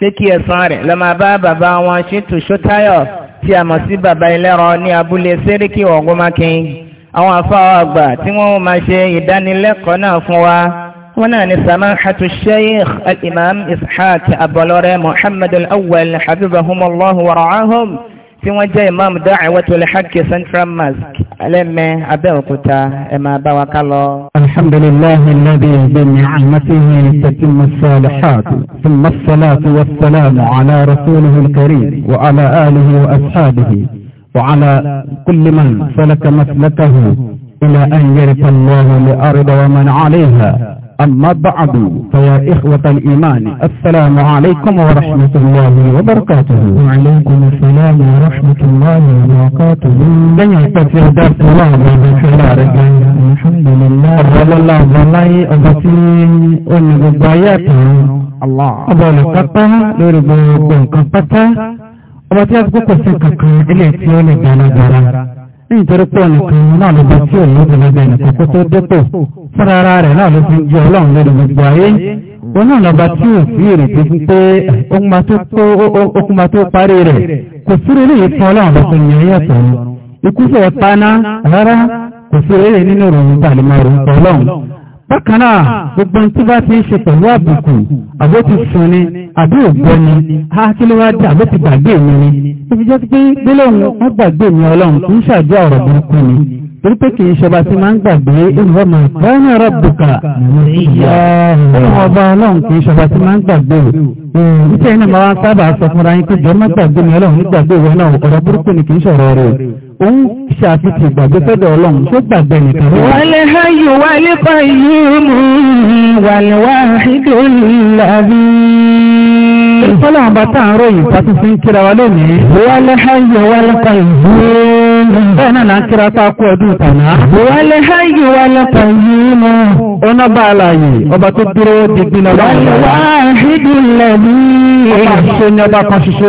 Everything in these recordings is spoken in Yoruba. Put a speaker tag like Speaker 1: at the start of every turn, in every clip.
Speaker 1: pé kí ẹ̀san rẹ̀ lọ máa bá bàbá wọn ṣètò ṣótáyọ̀ tí a mọ̀ sí bàbá ẹlẹ́rọ ní abúlé sẹ́ríkì ọ̀gọ́mákin àwọn afáwọ̀ àgbà tí wọ́n máa ṣe ìdánilẹ́kọ̀ọ́ náà fún wa wọ́n náà ni samahatu sheikh al-imam ishaq abọlọ́rẹ́ muhammad al-awwal habibahumullahu wa tí wọ́n jẹ́ imam da'watul haqq central mosque alẹ́mẹ́ abẹ́òkúta ẹ máa bá wa ká lọ. alhamdulillahi alladhi bi ni'matihi tatimmu as-salihat thumma as-salatu was-salamu ala rasulihi al-karim wa ala alihi wa asxaabihi wa ala kulli man salaka maslakahu ila an yarfa Allahu al-arda wa man 'alayha أما بعد فيا إخوة الإيمان السلام عليكم ورحمة الله وبركاته وعليكم السلام ورحمة الله وبركاته دنيا يتفي درس الله بالحرارة الحمد لله أفضل الله والله أبتين ونبضاياته الله أبو لقطة لربو بنقطة أبتين أبقى سكك إليتي ونبضاياته nítorí pé ọ̀nìkan náà ló bá tí òun lóbi lóbi ẹnìkan kó tó dépò fúnra ara rẹ̀ náà ló fi ń jẹ ọlọ́run lórí gbogbo ayé òun náà lọ́ba tí ò sí ìrètí fún pé okun ma tó parí rẹ̀ kò sí rere yìí fún ọlọ́run lọ́sọ̀ ní ayé ẹ̀tọ́ ikú fẹ́ paná rárá kò sí rere nínú ìròyìn tàlímọ̀ ìròyìn ọlọ́run bákanáà ah. gbogbo tí bá ti ń ṣe pẹ̀lú àbùkù àbó ti sùn ni àbí ògbọ́ ni a kí ló wá dé àbó ti gbàgbé mi ni ibi jẹ́ pé gbélé òun wọ́n gbàgbé mi ọlọ́run kì í ọ̀rọ̀ burúkú ni torí pé kì í ṣọba tí máa ń gbàgbé ìfọ̀mọ̀ bọ́ọ̀nà rọ̀bùkà ọlọ́run ọba ọlọ́run kì í ṣọba tí máa ń gbàgbé o ìṣe iná máa ń sábà sọ fúnra yín pé jọ má gbàgbé mi ọlọ́run nígbàgbé ìwọ ṣàfihàn ìgbàgbé fẹ́dọ̀ ọlọ́run tó gbàgbé nìkan. wàlẹ̀ ayò wàlẹ̀ kọ́ ìlú mú wàlẹ̀ wàhídó làbí. Ọlọ́run bá tá à ń ròyìn pàtó fi ń kíra wa lónìí. Wọ́lẹ̀ háyọ̀ wọ́lẹ̀ kan yìí. Bẹ́ẹ̀ náà là ń kíra pa kú ọdún ìtànà. Wọ́lẹ̀ háyọ̀ wọ́lẹ̀ kan yìí mọ́. Ọ̀nà bá àlàyé, ọba tó dúró digbí lọ́wọ́. Wọ́lẹ̀ wá ìdí lẹ́bí. Ọba ọba kan ṣiṣẹ́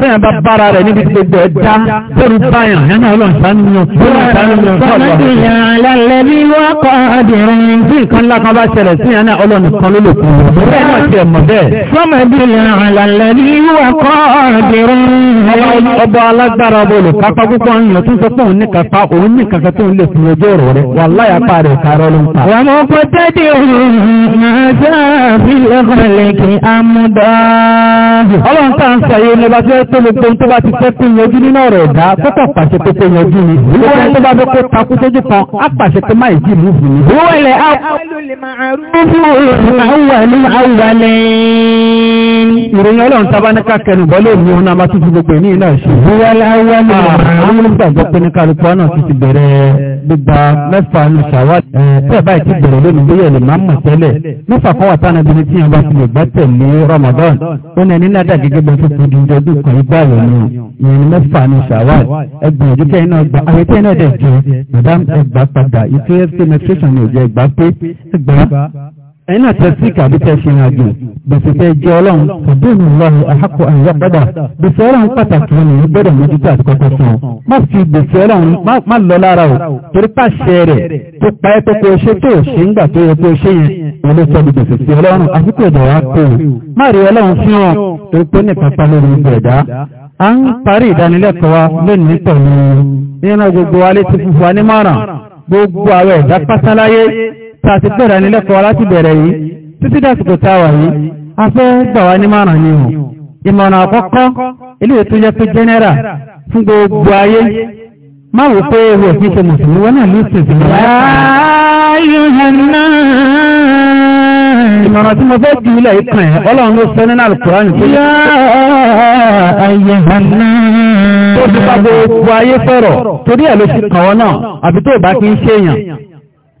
Speaker 1: Bẹ́ẹ̀ bá bára rẹ̀ níbi tí gbogbo ẹ̀dá bẹ́rù báyàn ẹ̀nà ọlọ́ǹsánìyàn. Ọba alágbára ọba olùkápá púpọ̀ ń lọ tún sọ pé òun ní kàpá òun ní kàkà tó ń lè fún ojú ọ̀rọ̀ rẹ̀ wà láyà pa rẹ̀ kàrọ ló ń ta. Wà mọ́ kó tẹ́dẹ̀ òun máa sáà fi lẹ́kọ̀ọ́lẹ̀kì amúdá. Ọlọ́run tá ń sọ yìí ní bá tí ó pé gbogbo tó bá ti fẹ́ pé yanjú nínú ọ̀rọ̀ ẹ̀dá kọ́kọ́ pàṣẹ pé pé yanjú ni gbogbo tó bá fẹ́ kó takú sójú kan á pàṣẹ pé máì jì múfù ni. wọ́ọ̀lẹ̀ awọ́lẹ̀ ìròyìn ọlọ́run tábánikà kẹnu bọ́lẹ̀ mi òun náà máa tún fi gbogbo ìní náà ṣe. wọ́ọ̀lẹ̀ awọ́lẹ̀ àwọn olùgbàgbọ́ pé ní kálukú náà ti ti bẹ̀rẹ̀ gbígba mẹ́fà ní ṣàwá tẹ́ báyìí ti bẹ̀rẹ̀ lónìí bóyá lè máa ń mọ̀ tẹ́lẹ̀ mẹ́fà kan wà tánà bí ní tíyan bá ti lè gbẹ́tẹ̀ ní Ramadan ó ní ẹni náà dàgẹ́gẹ́ bọ́ tó kù dídọ́dún kan gbàwé ni ìrìn mẹ́fà ní ṣàwáì ẹgbẹ̀rún ojú kẹ́yìn náà gbà àwọn kẹ́yìn náà dẹ̀ jẹ́ madam ẹgbà padà ìtúrẹ́sì menstruation ni ò jẹ́ ẹgbà pé ẹgbà ẹ̀yin náà tẹ̀sí kàbí tẹ̀sí ìrìnàjò gbèsè tẹ̀ jẹ́ ọlọ́run fọ̀dúnù lọ́rùn àhàkọ́ àyíká gbọ́dà gbèsè ọlọ́run pàtàkì wọn nìyí gbọ́dọ̀ mójútó àti kọ́kọ́ san má fi gbèsè ọlọ́run má lọ lára o torí pàṣẹ rẹ̀ tó pa ẹ́ tó kó o ṣe tó o ṣe ń gbà tó yẹ kó o ṣe yẹn wọn ló sọ gbèsè sí ọlọ́run àfikún ẹ̀dá wa kó o má rí ọlọ́run fi hàn tàti bẹ̀rẹ̀ nílẹ́kọ̀ọ́ láti bẹ̀rẹ̀ yìí títí dàsìkò táwà yìí a fẹ́ gbà wá ní márùn ní hù ìmọ̀ràn àkọ́kọ́ ilé ètò jẹ́ pé jẹ́nẹ́rà fún gbogbo ayé má wò pé ewu ẹ̀sìn ṣe mùsùlùmí wọn náà ló ṣèṣì ìmọ̀ràn tí mo fẹ́ jù ilẹ̀ ìkàn ẹ̀ ọlọ́run ló sọ nínú àlùkùránì tó yá ayé hànà tó ti bá gbogbo ayé fẹ́rọ̀ torí ẹ̀ ló ṣe kàn wọ́n náà àbí tó bá kí ń ṣèyàn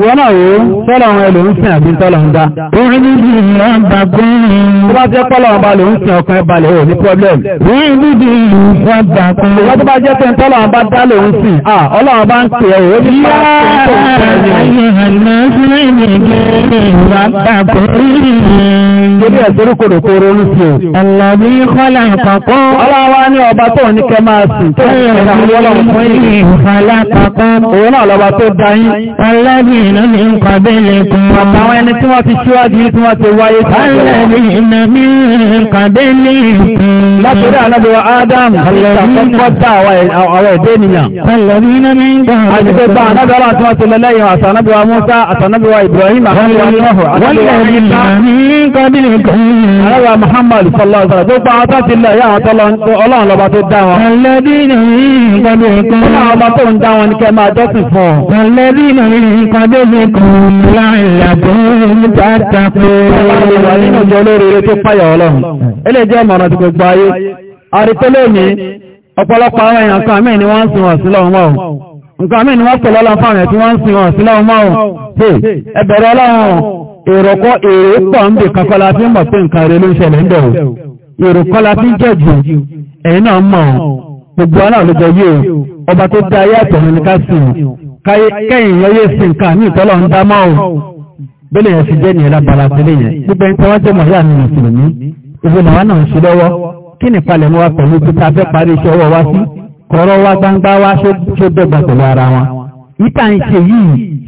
Speaker 1: Wọ́nà wo tọ́lọ̀ àwọn ẹlò ń sin àbí tọ́lọ̀ ń dá. Orin dídì ìlú fàgbàkùnrin. Tó bá jẹ́ tọ́lọ̀ ọba ló ń sin ọkàn ẹbalẹ̀ ò ní problem. Orin dídì ìlú fàgbàkùnrin. Wọ́n tó bá jẹ́ pé tọ́lọ̀ ọba dá ló ń sin. À ọlọ́run bá ń pè ẹ̀ ó ní bá ń Torí ẹ̀sẹ̀rú kòrò kó ronú sí o. Ẹ̀lọ́bí kọ́lá ìpàkọ́. Ọlọ́wà ní ọba tó ní kẹ máa sùn tó ní Látòrí ànábíwa Ádámù, ìtàkọ́kọ́ta àwọn ẹ̀dẹ́ ènìyàn. Àjíkẹ́gbà ànábíwa àti wọ́n ti lẹ́lẹ́yìn àtànábíwa Mùsá àtànábíwa Ibrahim àti wọ́n ni ọ̀họ̀. Wọ́n lẹ́rin nìkan. Àrẹ́wà Muhammad sallallahu alaihi wasallam tó pa ọtá ti lọ yá àwọn ọlọ́run lọba tó dá wọn. Ẹlẹ́bí nìyí kan bí kan. Ó náà ọba tó ń dá wọn ní kẹ́ máa jọ́sìn fún ọ. Ẹlẹ́bí nìyí kan bí kan láìlà tó pé. Ọba ọlọ́run èròkọ́ èrè pọ̀ ń bè kankan la fi mọ̀ pé nǹkan rẹ̀ ló ń ṣẹlẹ̀ ń bẹ̀
Speaker 2: o èròkọ́ la fi jẹ́
Speaker 1: jù ẹ̀yìn náà mọ̀ gbogbo aláàlójọ yìí o ọba tó dá ayé àtọ̀run ní ká sìn kẹ́yìn yọ yé sí nǹkan ní ìtọ́lọ̀ ń dá mọ́ o bẹ́ẹ̀ yẹn ti jẹ́ ní ẹ̀la bala tẹ́lẹ̀ yẹn gbogbo ẹni tí wọ́n jẹ́ mọ̀ yá mi mùsùlùmí ìwé làwa náà ń ṣe lọ́wọ́ kí ni palẹ̀ mọ́ wa pẹ̀lú títa fẹ́ parí iṣẹ́ ọwọ́ wa sí kọ̀rọ̀ wa gbangba wa ṣó dọ́gba pẹ̀lú ara wọn. ìtàn ìṣèyí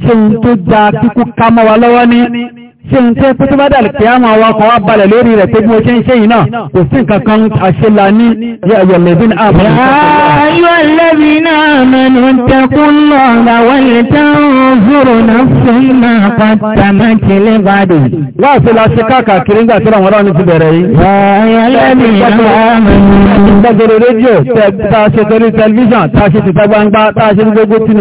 Speaker 1: ṣe ohun tó da kíkú ká mọ́ wa lọ́wọ́ ní ṣe ń tẹ́ pẹ́ tó bá dàlù pé a máa wá kan wá balẹ̀ lórí rẹ̀ pé bí mo ṣe ń ṣe yìí náà kò sí nǹkan kan àṣelà ní yọ̀lẹ́bí náà bọ̀. yọ̀lẹ́bí náà mẹ́nu tẹkún lọ́ra wọlé táwọn zòrò náà fún máa pàtà máa kele bàdì. láàfin la ṣe káàkiri nígbà tí àwọn ọlọ́run ti bẹ̀rẹ̀ yìí. yọ̀lẹ́bí náà mẹ́nu. gbàgbọ́dọ̀ rédíò tá a ṣe torí tẹlifíṣàn tá a ṣe tìta gbangba tá a ṣe gbogbo tìǹ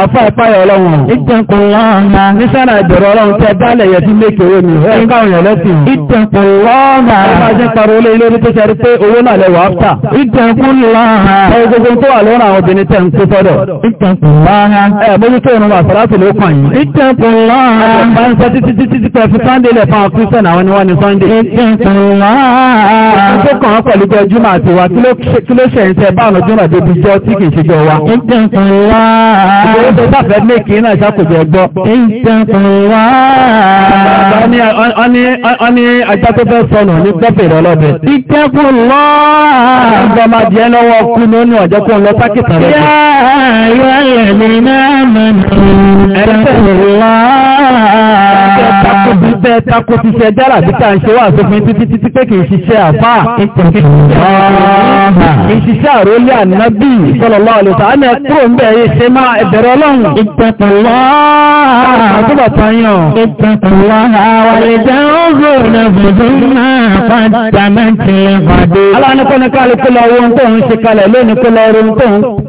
Speaker 1: afá ìpáyà ọlọ́run. ìtẹ̀kùnlọ́ọ̀nà. ní sára ìbẹ̀rù ọlọ́run tẹ dálẹ̀ yẹ sí mékeré mi ẹ káwọn yẹn lẹ́sìn. ìtẹ̀kùnlọ́ọ̀nà. ẹ máa ṣe pariwo lé ilé tó ṣe rí pé owó náà lẹ wà áfà. ìtẹ̀kùnlọ́ọ̀nà. ẹ gbogbo tó wà lọ́rùn àwọn obìnrin tẹ̀ ń kó sọ́dọ̀. ìtẹ̀kùnlọ́ọ̀nà. ẹ mójú tó irun wà sàlátì ló kàn yín. ìtẹ̀kùnlọ́ọ̀nà. ẹ máa ń sọ títí títí títí pẹ̀fú wa kí ló tó sáfẹ́ méèkì náà ṣàkójọ ẹgbọ́. ìtẹ̀kùnwá. wọ́n ní ajá tó fẹ́ sọnù ní pẹ́pẹ̀rẹ̀ ọlọ́bẹ. ìtẹ̀kùnwá. ọgbọ́n tako fífẹ́ tako fífẹ́ dára bí ká ṣe wà sófin títí títí pé kì ṣiṣẹ́ àfá kì í ṣiṣẹ́ àrólé ànábì sallallahu alaihi wasallam kúrò ń bẹ̀rẹ̀ ṣe máa ẹ̀bẹ̀rẹ̀ ọlọ́run ìtẹ̀kùnlọ́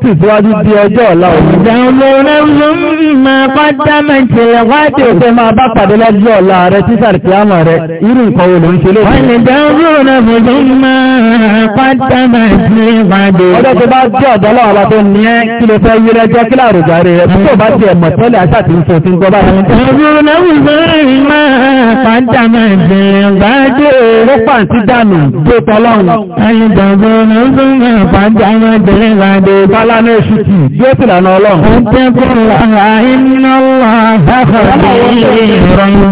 Speaker 1: tìsíwájú di ọjọ́ ọ̀la òun. ìjẹun lóore ń máa pàdà mẹ́tì ìpàdé. ó fẹ́ máa bá pàdé lọ́jọ́ ọjọ́ ọ̀la rẹ tí sàrìkìámà rẹ irú nǹkan wo ló ń ṣe lé. wọ́n lè dá ojú ọ̀nà fojú máa pátá máa ṣe ìpàdé. ọjọ́ tó bá jẹ́ ọ̀dọ́ lọ́wọ́ bá tó ní ẹ́ kí ló fẹ́ yíra ẹjọ́ kí láàrùjá rẹ̀ ẹ̀ tó bá tiẹ̀ mọ̀ tẹ́lẹ̀ àṣà tí ń sọ ti ń gbọ́ báyìí. ojú ọ̀nà fojú máa pátá máa ṣe ìpàdé. ó pàǹtí dànù tó tọ́lọ́run. ayé dàgbọ́ ọ̀nà fojú máa pátá máa ṣe ìpàdé. bálá náà ṣùtì yóò tìlànà ọlọ́run. ó tẹ́kọ̀ọ́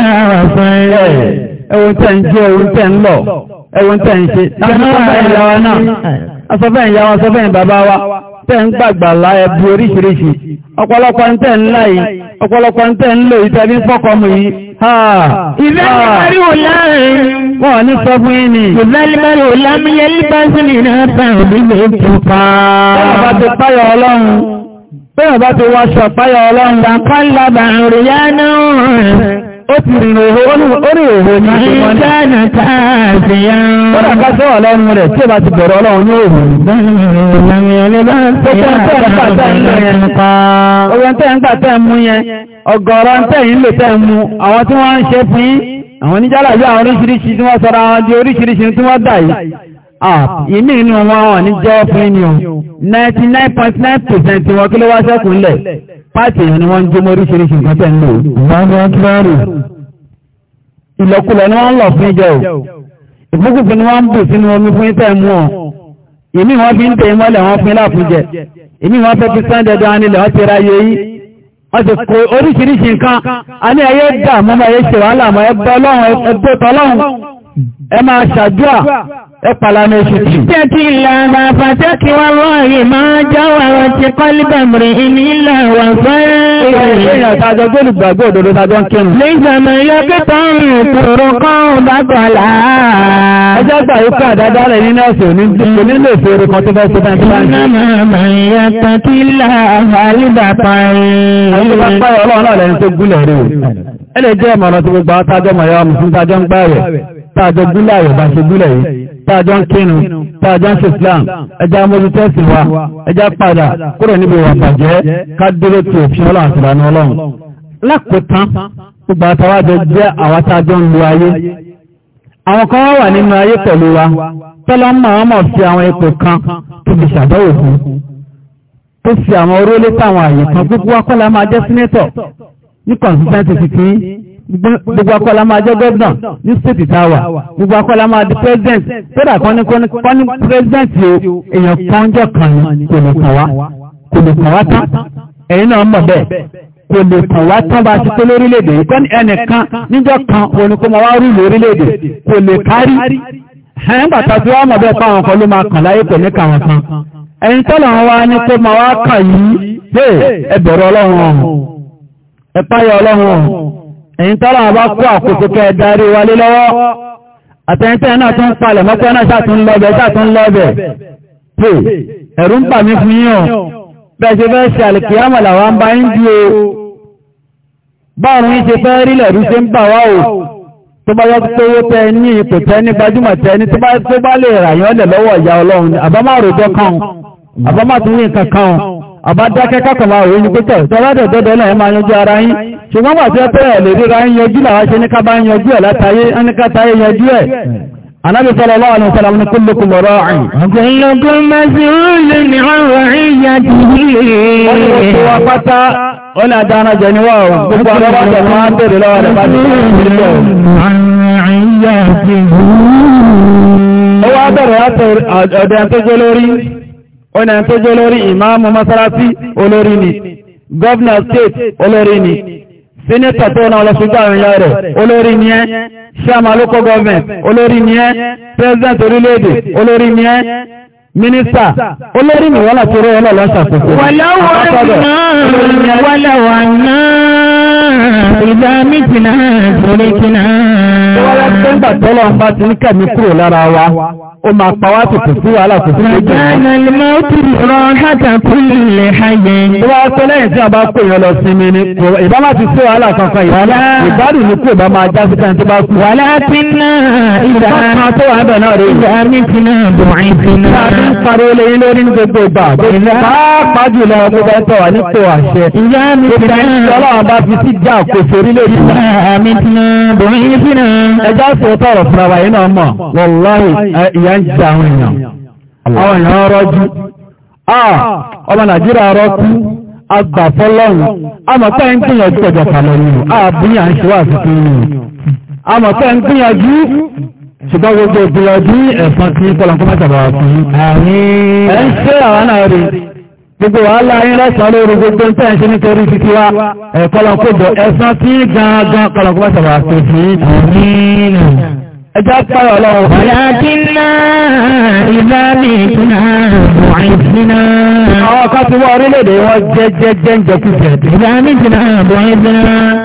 Speaker 1: àràfin ẹ̀ ẹ̀wọ̀n tẹ́ ń jẹ́ ẹ̀wọ̀n tẹ́ ń lọ ẹ̀wọ̀n tẹ́ ń ṣe asọ́fẹ́ ìyá wa asọ́fẹ́ ìbàbá wa tẹ́ ń gbàgbà lá ẹbí oríṣiríṣi ọ̀pọ̀lọpọ̀ ń tẹ́ ń láyé ọ̀pọ̀lọpọ̀ ń tẹ́ ń lò ìtẹ́bí fọ́kọmù yìí ìfẹ́ ìmọ̀rí ò láàrin wọ́n ní sọ fún yín ni ìfẹ́ ìmọ̀rí ò ó ti rìn òhò ó ní òhò ní ìṣẹ́mọ́ ní. ìṣẹ́nà tààsì yá. kódà ká sọ́wọ́ lẹ́nu rẹ̀ tí ó bá ti bẹ̀rẹ̀ ọlọ́run ní òhò. ọgbọ̀n tẹ́ ń gbà tẹ́ ń mú yẹn ọgọ́rọ̀ tẹ́ ń lò tẹ́ ń mú àwọn tí wọ́n ń ṣe fún yín àwọn oníjàlá yóò àwọn oríṣiríṣi tí wọ́n sọra wọn di oríṣiríṣi tí wọ́n dà yìí. ìmí inú wọn wọn ní jẹ́ fún yín ni o ninety nine point nine percent wọn kí ló wá sẹ́kùn lẹ̀ páàtì èèyàn ni wọ́n ń jó mọ́ oríṣiríṣi nǹkan tẹ̀ ń lò. ìwádìí akíláàrù. ìlọkulọ̀ ni wọ́n ń lọ fún ìjọ o. ìfúnkùnkùn ni wọ́n ń bù sínú omi fún ìtẹ̀ mú ọ. èmi wọn fi ń tẹ̀ mọ́lẹ̀ wọn fún ìlàfúnjẹ. èmi wọn fẹ́ fi sán dandan anilẹ̀ wọn ti ra yẹ yí. wọ́n ti kó oríṣiríṣi nǹkan. a ní ẹyẹ dà mọ́ ẹ máa ṣàdúrà ẹ pàlànà oṣù tì. tẹ́tí ti kọ́líbàmùrẹ̀ ìní ìlà wà fẹ́rẹ̀. èèyàn tàjọ gbọ́dọ̀ gbàgbọ́ òdodo tàjọ ń kírun. nígbàmọ̀ yọkítà ń tòrò kan bá gbọ̀lá. ẹjọ́ gbà yí pé àdáda rẹ̀ nínú ọ̀sẹ̀ òní lè fi orí kan tó fẹ́ ṣe báńkì báńkì tààjọ gúnlẹ̀ àyọ̀bá ṣe gúnlẹ̀ yìí tààjọ ń kírun tààjọ ń ṣe Islam ẹjá mójútẹ́sì wa ẹjá padà kúrò níbi ìwà bàjẹ́ ká dúró tí òfin ọlọ́run àti ìlànà ọlọ́run lákòótán gbogbo àtàwájọ jẹ́ àwọn tààjọ ń lo ayé àwọn kan wà nínú ayé pẹ̀lú wa tọ́lá máa mọ̀ sí àwọn ipò kan tó fi ṣàbẹ̀wò fún tó fi àwọn orílẹ̀ táwọn àyè kan gbogbo akọ́lá máa jẹ́ sínétọ̀ ní consultancy kìkì gbogbo akọ́lá máa jẹ́ gọ́ọ̀nà ní
Speaker 2: gbogbo akọ́lá máa di president tọ́dà kan èèyàn kan kan ní kò lè kàn
Speaker 1: wá kò lè kàn wá tán náà kò lè kàn wá tán bá ti yìí ẹnìkan kan òun kan máa kàn láyé kan tọ́lọ̀ wá ní kó wá kàn
Speaker 2: ẹ̀yin tọ́lọ̀ àbá kó àkóso kẹ́ darí wálé lọ́wọ́ àtẹ́ntẹ́ náà tún palẹ̀ mọ́kọ́ náà ṣàtún lọ́bẹ̀ ṣàtún lọ́bẹ̀
Speaker 1: pè ẹ̀rù ń pàmí fún yín bẹ́ẹ̀ ṣe fẹ́ ṣe àlìkìyàmà làwọn ń bá ń di o ṣe ṣe o bá yọ́kú tó wó tẹ́ ní ipò lọ́wọ́ ṣùgbọ́n wà tí ó pẹ́ lè ríra ń yọjú làwọn ṣe ní ká bá ń yọjú ẹ̀ látàyé ẹnikátayé yọjú ẹ̀ anábì sallallahu alaihi wasallam ní kullukum ra'in kullukum mas'ulun 'an ra'iyatihi ọ̀nà àdára jẹ ni wọ́n gbogbo ọlọ́wọ́ jẹ máa ń bèèrè lọ́wọ́ rẹ̀ bá ti ìrìnlẹ̀ tó jẹ́ lórí ìmáàmù mọ́sálásí olórí ni gọ́vnà state olórí ni sínítà tó náà lọ ṣojú àwọn èèyàn rẹ̀ olórí ni ẹ́ ṣáàmà local government olórí ni ẹ́ president orílẹ̀-èdè olórí ni ẹ́ mínísítà olórí ni wọ́n láti rọ́ ọlọ́lọ́ ṣàkóso wọ́láwọ̀ náà ìdá ó máa pa wá tètè sí wàhálà kò sí méjì. Ràdánà lè máa ó tìrì rán hátà kúrò lè háyẹ. Tó bá pẹ́ lẹ́yìn tí a bá pè yẹn lọ sinmi ni, ìbá máa ti sí wàhálà kankan ìbáná. Ìbádùn ni kú ìbá máa já sí kan tó bá kú. Wàhálà ti náà ìdá. Ìbá tó wà bẹ̀ náà lórí ní sọ̀tọ̀ ọ̀rọ̀ fúnra wa yìí náà mọ̀. Wọ́n láyé ìyá ìyà ń jẹ àwọn èèyàn àwọn èèyàn rọ́jú ọmọ nàìjíríà rọ́kú agbàfọ́lọ́run amọ̀pẹ́ ń gbìyànjú ọjọ́ kàlọ́yìn ààbúyà ń ṣe wà sí fún un
Speaker 2: amọ̀pẹ́ ń gbìyànjú
Speaker 1: ṣùgbọ́n gbogbo ìgbìyànjú ẹ̀sán tí kọlọ̀kọ́mọ́sàbà fún ẹ̀ ń ṣe àwọn náà rí gbogbo wàhálà yín lẹ́sàn lórí gbogbo ń tẹ́ẹ̀ ṣe nítorí títí wá ẹ̀kọ́lọ̀kọ́bọ̀ ẹ̀sán tí gangan kọlọ̀kọ́mọ́sàbà fún ẹ̀ ẹjọ́ pẹ́rọ ọlọ́run. Ọ̀lákínná ìbámi ìkúnná bọ̀ìsínà. Àwọn kan ti wá orílẹ̀-èdè wọn jẹ́ jẹ́ jẹ́ ń jẹ́kú jẹ́. Ìbámi ìkúnná bọ̀ìsínà.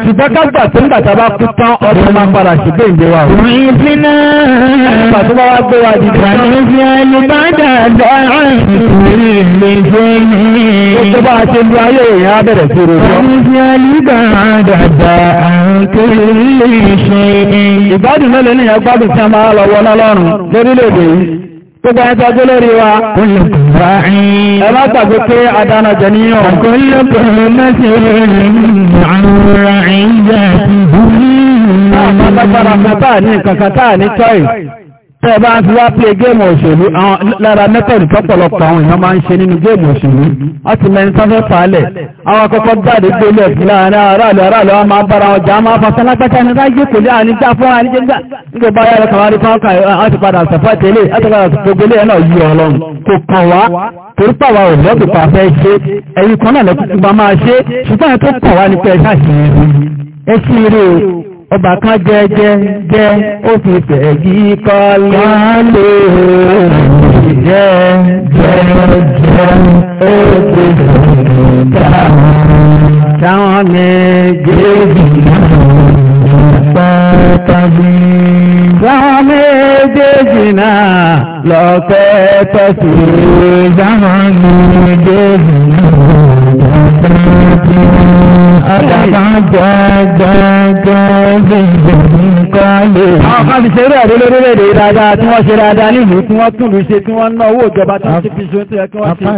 Speaker 1: Ṣùgbọ́n ká gbà tó ń gbà tábà kú tán ọdún máa padà sí pé ìgbé wa. Bọ̀ìsínà. Ìgbà tó bá wá gbé wa di ìgbà. mi. Gbogbo bá a ṣe lu ìgbádùn mẹ́lẹ̀ ní ẹgbádùn tí a máa lọ wọ́n lọ́rùn lórílẹ̀-èdè yìí gbogbo ẹjọ́ tó lórí wa ẹ má gbàgbé pé adáná jẹ níyàn ọ̀gọ́lẹ́pẹ̀lẹ́ mẹ́sẹ̀ rẹ̀ àrùrà ìyá ìbúrí tẹ́ bá ń fi wá play géèmù òṣèlú lára mẹ́tọ̀dù tọ́pọ̀lọpọ̀ àwọn èèyàn máa ń ṣe nínú géèmù òṣèlú wọ́n ti mẹ́rin sáfẹ́ fàálẹ̀ àwọn akọ́kọ́ jáde gbélé ẹ̀fún láàrin aráàlú aráàlú wọn máa bára wọn jà á máa fàṣán lágbàtà ní ráyé kò lé àní já fún àní jẹ́gbà nígbà bá yára kan wárí fáwọn kan wọ́n ti padà sọ̀fọ́ tẹ́lẹ̀ wọ́n ti padà sọ̀fọ́ gbélé náà yí ọlọ́run kò kàn wá torí pàwà ò lọ́bì pa fẹ́ ṣe ẹ̀yìn kan náà lọ́kùnkùn bá é ẹ ọba kan jẹ́ jẹ́ jẹ́ ó fi fẹ̀gí kọ́lé kọ́lé jẹ́ jẹ́ jẹ́ ó fi fẹ̀gí dáhùn táwọn méjèèjì náà pátánbí táwọn méjèèjì náà lọ́pẹ́ tọ́sí táwọn méjèèjì náà
Speaker 2: Àdàbàjọ́
Speaker 1: gbọ́gbọ́ gbogbo nǹkan lè. Àwọn kan fi ṣe eré ẹ̀rọ lórílẹ̀-èdè dáadáa tí wọ́n ṣe dáadáa nílùú
Speaker 2: tí wọ́n túnlù ṣe tí wọ́n ná owó ìjọba tí wọ́n ti fi ṣe tí wọ́n ṣe.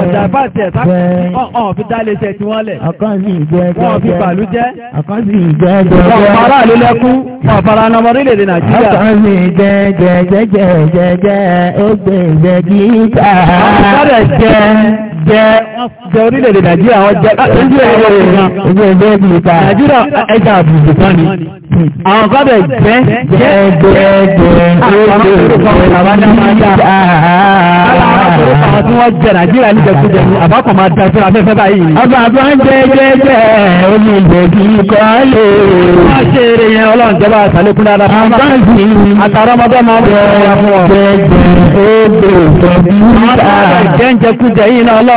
Speaker 2: Ọ̀dà bá tẹ̀ sáfẹ́ ọ̀hún fi dá léṣẹ̀ tí wọ́n lẹ̀. Wọ́n
Speaker 1: fi bàlú jẹ́. Wọ́n fara àlú
Speaker 2: lẹ́kún. Wọ́n fara anamọ
Speaker 1: orílẹ̀-èdè Nàìjíríà. Ọkàn mi jẹ́ jẹ́ jẹ́ jẹ jẹ orílẹ̀-èdè nàìjíríà wọ́n jẹ nàìjíríà ẹja àbùkù kan ni àwọn kan bẹ̀ jẹ́ jẹ́ àwọn tí wọ́n jẹ nàìjíríà ní jẹkújẹ ní àbákan máa da síra fẹ́fẹ́ báyìí. ọba àbá ń jẹ jẹ jẹ omi ìbòjú kọ́ lè. wọ́n ṣe eré yẹn ọlọ́run jẹba àtàlékún dáadáa. àbá ń sìn àtàrà ọmọdé máa ń bọ̀ ọ́ fún ọ. jẹ jẹ ó bèrè fẹ́ bí. àwọn àgbẹ̀ jẹ́ ń jẹkújẹ yìí náà ọlọ́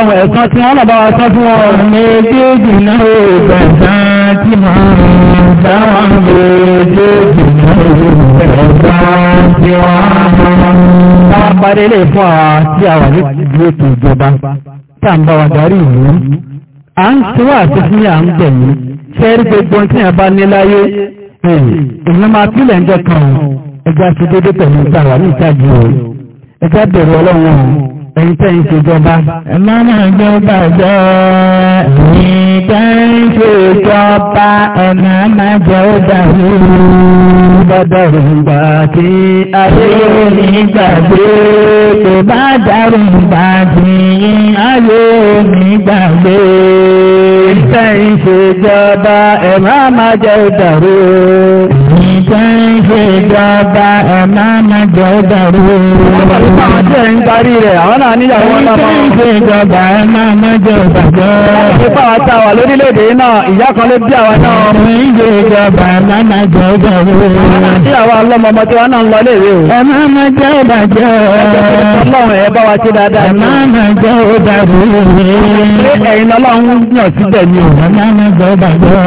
Speaker 1: ọlọ́run ẹ̀sán tí wọ́n lọ́bàá sán fún wọn. méjèèjì náà ò bàtà tí máa ń dáwọn méjèèjì náà ò bàtà tí wọ́n máa ń fún àwa tí a wà ní ìlú ètò ìjọba tí ń bá wa darí ìlú. à ń tí wà sí fún yà ń bẹ̀ yìí ṣẹ́rí gbogbo tí a bá ní láyé ìlú máa pílẹ̀ ń jẹ́ kan ẹ̀já ti dédé pẹ̀lú ìta wà ní ìta jù ẹjá bẹ̀rù ọlọ́run ẹ̀yìn tẹ́yìn tó jọba. ẹ má máa jọba jọ ẹ̀yìn tẹ́yìn tó jọba ẹ má máa jọ ó dàrú. bá dàrú ìgbà tí ayé onígbàgbé tó bá dàrú ìgbà tí ayé onígbàgbé. ẹ̀yìn tẹ́yìn tó jọba ẹ má máa jọ ó dàrú. ẹ̀yìn tẹ́yìn gbé ìjọba ẹ̀ máa ma jẹ́ ìdàrú. Wọ́n bá nípa àwọn tí ẹ̀yìn parí rẹ̀, àwọn náà níyàwó wọn náà máa. Ìgbé ìjọba ẹ̀ máa ma jẹ́ ìbàjẹ́. Wọ́n ti pa àwọn tá a wà lórílẹ̀-èdè náà, ìyá kan ló bí àwa náà. Ìgbé ìjọba ẹ̀ máa ma jẹ́ ìdàrú. Àti àwọn ọlọ́mọọmọ tí wọ́n náà ń lọ léèwé o. Ẹ máa ma jẹ́ ìbàjẹ́. Ọlọ́run ẹ bá wa ṣe dáadáa. Ẹ máa ma jẹ́ ìdàrú. Ẹ̀yin ọlọ́run yàn síbẹ̀ ni o. Ẹ máa ma jẹ́ ìbàjẹ́.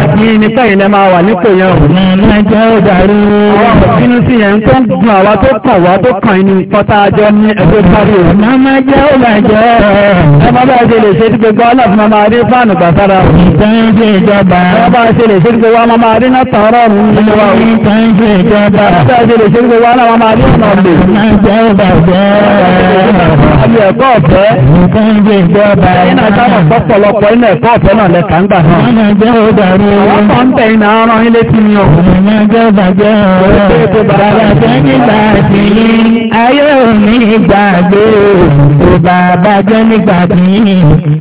Speaker 1: Àti nípa ìlẹ̀ máa wà nípò yẹn o. Ẹ máa ma jẹ́ ìd jàre. Àwọn àbínú sí yẹn tó ń gun àwa tó kàn wá tó kàn ní pátá àjọ ní ẹgbẹ́ parí o. Màmá jẹ́ ó là jẹ́. Ẹ má bá ṣe lè ṣe tí gbogbo ọlọ́ọ̀fù máa máa rí fáànù gbàsára. Ìtàn ṣe ìjọba. Ẹ má bá ṣe lè ṣe tí gbogbo ọmọ máa rí náà tàn rọrùn Ìtàn ṣe ìjọba. Ẹ má bá ṣe lè ṣe tí gbogbo ọlọ́ọ̀fù máa rí ọ̀nà ọ̀gbẹ̀. Màmá jẹ́ ó là jẹ́. Ẹ̀kọ́ bàjẹ́ o bàbàjẹ́ nígbà tìyín ayé òní gbàgbé o bàbàjẹ́ nígbà tìyín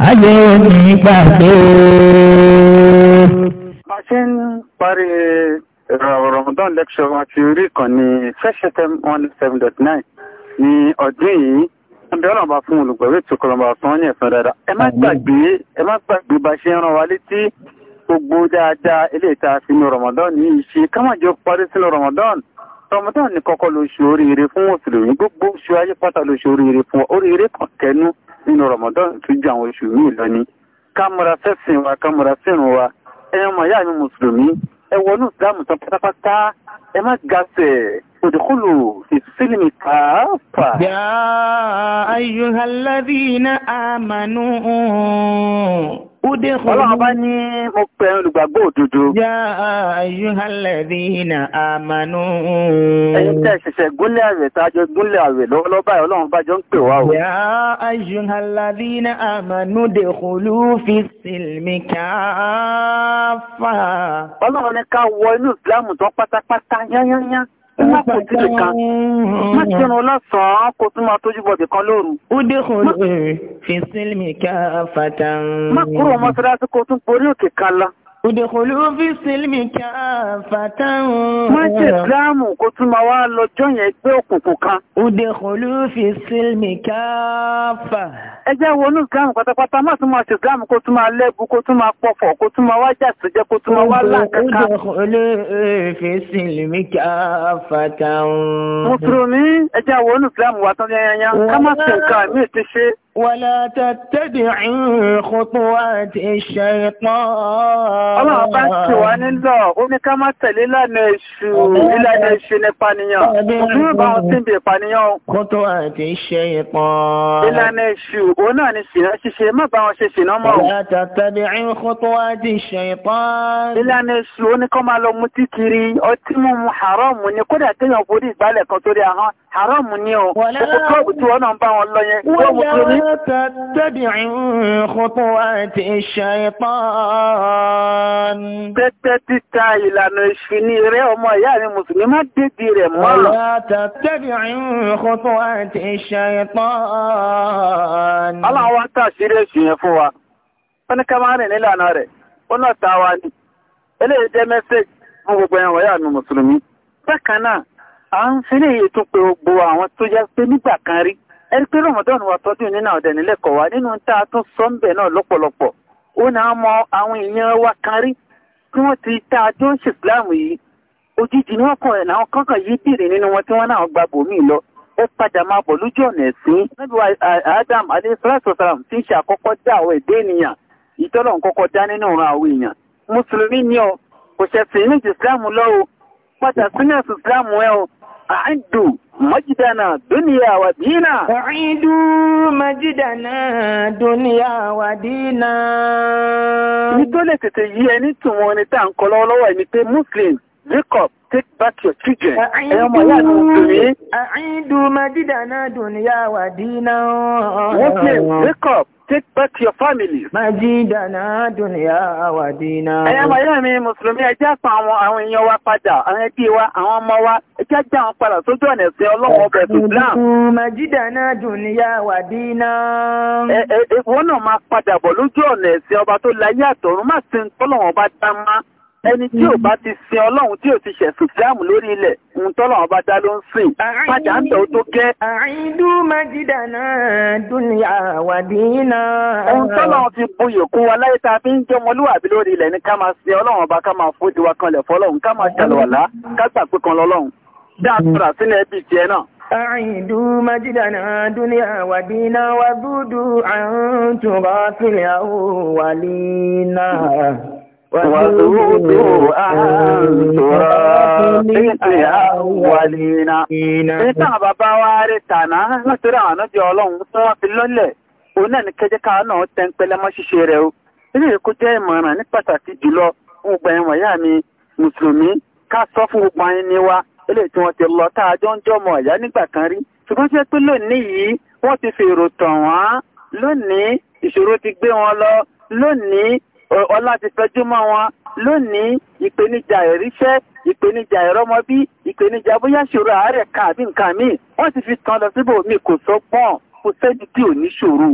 Speaker 1: ayé òní gbàgbé
Speaker 2: a ṣe ń parí eh, Ramadan lecture wọn ti rí kan ní Fresh one oh seven dot nine ní ọdún yìí wọ́n bẹ̀rẹ̀ ọ̀nà bá fún olùgbẹ̀wé tó kọlọ́mọ̀ àtúnwọ́n ní ẹ̀sán dáadáa ẹ má gbàgbé ẹ má gbàgbé bá ṣe ń rán wa létí gbogbo dáadáa eléyìí tá a fi nu Ramadan yìí ṣe ká má jọ parí sínú Ramadan Ramadan ní kọ́kọ́ lóṣù oríire fún mùsùlùmí gbogbo oṣù ayé pátá lóṣù oríire fún oríire kan kẹnu nínú Ramadan tó ju àwọn oṣù míì lọ ni ká múra fẹ́sìn wa ká múra sínú wa ẹ̀yàn mọ̀ yáà mi mùsùlùmí ẹ wọnú ìsìlámù tán pátápátá ẹ má gasẹ̀ òdìkúlù ìsílìmì pàápàá. yà
Speaker 1: ayyuhalladhi na amanu Ude kọlu. Ọlọ́run bá ní
Speaker 2: mo pẹ olùgbàgbọ́ òdodo. Yà ayyuhalladhi na amanu. Ẹyin tẹ́ ṣẹ̀ṣẹ̀ gúnlẹ̀ àwẹ̀ tá a jọ gúnlẹ̀ àwẹ̀ lọ́wọ́lọ́wọ́ báyìí Ọlọ́run bá jọ ń pè wá o. Yà
Speaker 1: ayyuhalladhi na amanu udkhulu fi silmi
Speaker 2: kaffa. Ọlọ́run ní ká wọ inú ìsìlámù tán pátápátá pátá yányányá Má kò tí lè kan. Má ti rún lọ́sàn-án kò tún máa tójú bọ̀dì kan
Speaker 1: lóru. Ó dékun rẹ̀ fi sílmì ká fàtà. Má kúrò mọ́sálásí kò
Speaker 2: tún borí òkè kan lọ. Ìdìkòlú fi sílmì káfàtà wọn. Má jẹ́ ìsìláàmù kó tún máa wá lọ́jọ́ yẹn gbé òkùnkùn kan. Ìdìkòlú fi sílmì káfà. Ẹ jẹ́ wọnú ìsìláàmù pátápátá, má tún máa ṣe ìsìláàmù kó tún máa lẹ́bu, kó tún máa pọ̀fọ̀, kó tún máa wá jà tó jẹ́ kó tún máa wá láǹkankan. Ìdìkòlú fi sílmì káfàtà wọn. Mùsùlùmí, ẹ jẹ́ wọnú ìsìláàmù wà tán yányányá, ká má ṣe nǹkan àmì ìtiṣe. ولا تتبع خطوات الشيطان Ọlọ́run bá ṣe wá nílọ̀, ó ní ká má tẹ̀lé ìlànà èṣù, ìlànà èṣù ní pànìyàn. Òun bá wọn tí ń bè pànìyàn.
Speaker 1: Khutuwati shaytan.
Speaker 2: Ìlànà èṣù, òun náà ni ṣìnà ṣíṣe, má bá wọn ṣe ṣìnà mọ́. Wala tattabi'i khutuwati shaytan. Ìlànà èṣù, ó ní kọ́ máa lọ mutí kiri, ọtí mímu haramu ni, kódà téèyàn forí ìgbálẹ̀ kan sórí ahọ́n, haramu ni o. Wọ́n lọ́wọ́ تتبعوا خطوات الشيطان tẹ́tẹ́ títa ìlànà ìṣìní rẹ̀ ọmọ ìyá ni mùsùlùmí má dédì خطوات الشيطان aláwọ̀ wá tà sírí èṣù yẹn fún wa wọ́n ní ká máa rìn nílànà rẹ̀ ó náà ta wa ní eléyìí jẹ́ mẹ́sẹ̀gì fún gbogbo ẹ̀wọ̀n ìyá ni ẹni pé ramadan wa tọ́jú nínú nínú tá tún sọ náà lọ́pọ̀lọpọ̀ ó ní a mọ àwọn èèyàn wa kan rí tí wọ́n ti tá a jó yìí òjijì ni wọ́n kàn ẹ̀ yìí nínú wọn tí wọ́n náà lọ ó padà máa bọ̀ lójú ọ̀nà ẹ̀sìn adam ti ń ṣe àkọ́kọ́ dá àwọn ẹ̀dẹ́ ènìyàn ìtọ́lọ̀ kọ́kọ́ dá nínú ọ̀run àwọn èèyàn mùsùlùmí ni ọ kò ṣẹ̀sìn ní lọ́wọ́ padà sínú مجدنا دنيا ودينا أعيدوا مجدنا دنيا ودينا nítorí tètè yí ẹni tùmọ̀ ní tá à ń kọ́ lọ́wọ́lọ́wọ́ ẹni pé muslim wake up take back your children. ẹ̀yọ́ mọ̀ yá ló ń dùn yín. àìdù madida náà dùnìyà wà dínà. muslim wake up take back your family. madida náà dùnìyà wà dínà. ẹ̀yọ́ mọ̀ yá mi mùsùlùmí ẹjẹ́ pa àwọn àwọn èèyàn wa padà àwọn ẹbí wa àwọn ọmọ wa ẹjẹ́ já wọn padà sójú ọ̀nà ẹ̀sìn ọlọ́wọ́ ọbẹ̀ tó blam. madida náà dùnìyà wà dínà. ẹ ẹ wọn náà máa padà bọ̀ lójú ọ̀nà ẹ̀sìn ọba tó láyé àtọ̀run má ti tọ́lọ̀ wọn bá dá má ẹni tí ò mm. bá ti sin ọlọ́run tí ò ti ṣẹ̀sùn jáàmù lórí ilẹ̀ ohun tọ́lọ́run bá dá ló ń sìn padà ń tọ́ tó gẹ́. àìdú májídà náà dúnìyà àwàdínà. ohun tọ́lọ́run ti buyè kún wa láyé tá a fi ń jẹ́ ọmọlúwàbí lórí ilẹ̀ ni ká máa sin ọlọ́run ọba ká máa fojú wa kanlẹ̀ fọlọ́run ká máa ṣàlùwàlá ká gbà kan lọ́lọ́run dáàtúrà sílẹ̀ ẹbí tiẹ̀ náà. Àìdú májídàna dúníà wà dínà wà dúdú àrùn tùrọ̀ وذوقوا أنتم الأولين Ìtàn bàbá wa rẹ̀ tànà nítorí àwọn ọ̀nàjẹ́ ọlọ́run tí wọ́n fi lọ́lẹ̀, òun náà ní kẹjẹ́ká náà tẹ́ ń pẹ́lẹ́ mọ́ ṣíṣe rẹ̀ o. Ilé ìkó jẹ́ ìmọ̀ràn ní pàtàkì jùlọ fún gbogbo ẹ̀wọ̀n ìyá ti fèrò tàn wọ́n, lónìí ìṣòro ti gbé wọn lọ, lónìí ọlá ti fẹjú mọ́ wọn lónìí ìpèníjà ìríṣẹ́ ìpèníjà ìrọmọbí ìpèníjà bóyá ṣòro àárẹ̀ kan nǹkan míì wọ́n ti fi tán lọ síbò mi kò sọ́gbọ́n kò sẹ́ni tí ò ní ṣòro